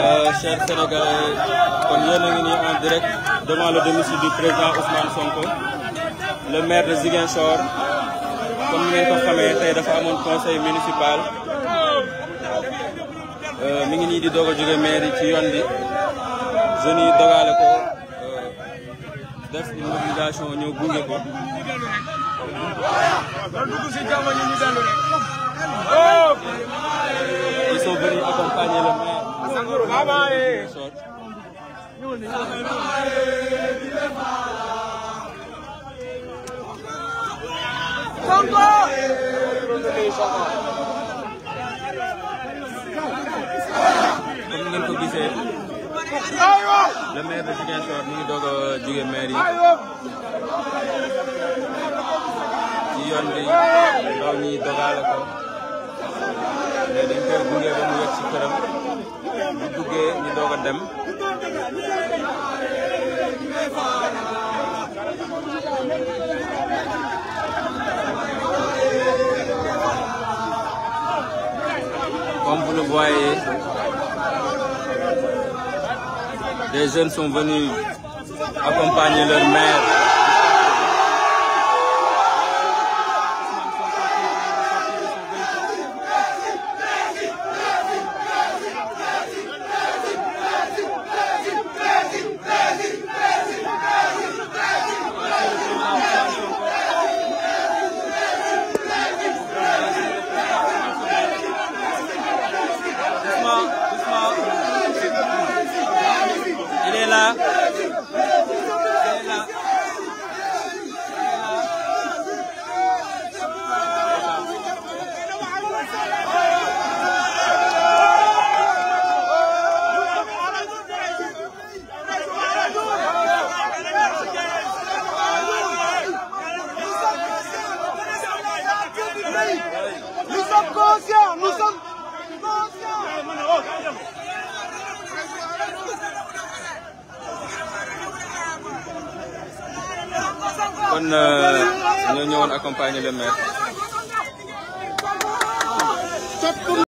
Euh, chers Sénégalais kon yéen a ngi nii en direct devant le domicile du président Ousmane Sonko le maire de Ziguinchor comme ni ngeen ko xamee tey dafa amoon conseil municipal euh, mi ngi nii di doog a jóge maire yi ci yoon bi jeunes yi dogaale ko euh, def une ñëw gunge ko. Samaye comme ngeen ko gisee le maire de Ziguinchor mu ngi doog a jóge maire yi ci yoon bi ndaw ñi dogaale ko mais dañ koy gunge ba mu yegg si dem comme vous le voyez des jeunes sont venus accompagner leur mère Nous sommes conscients, nous sommes conscients. kon euh, ñoo ñëwoon accompagner le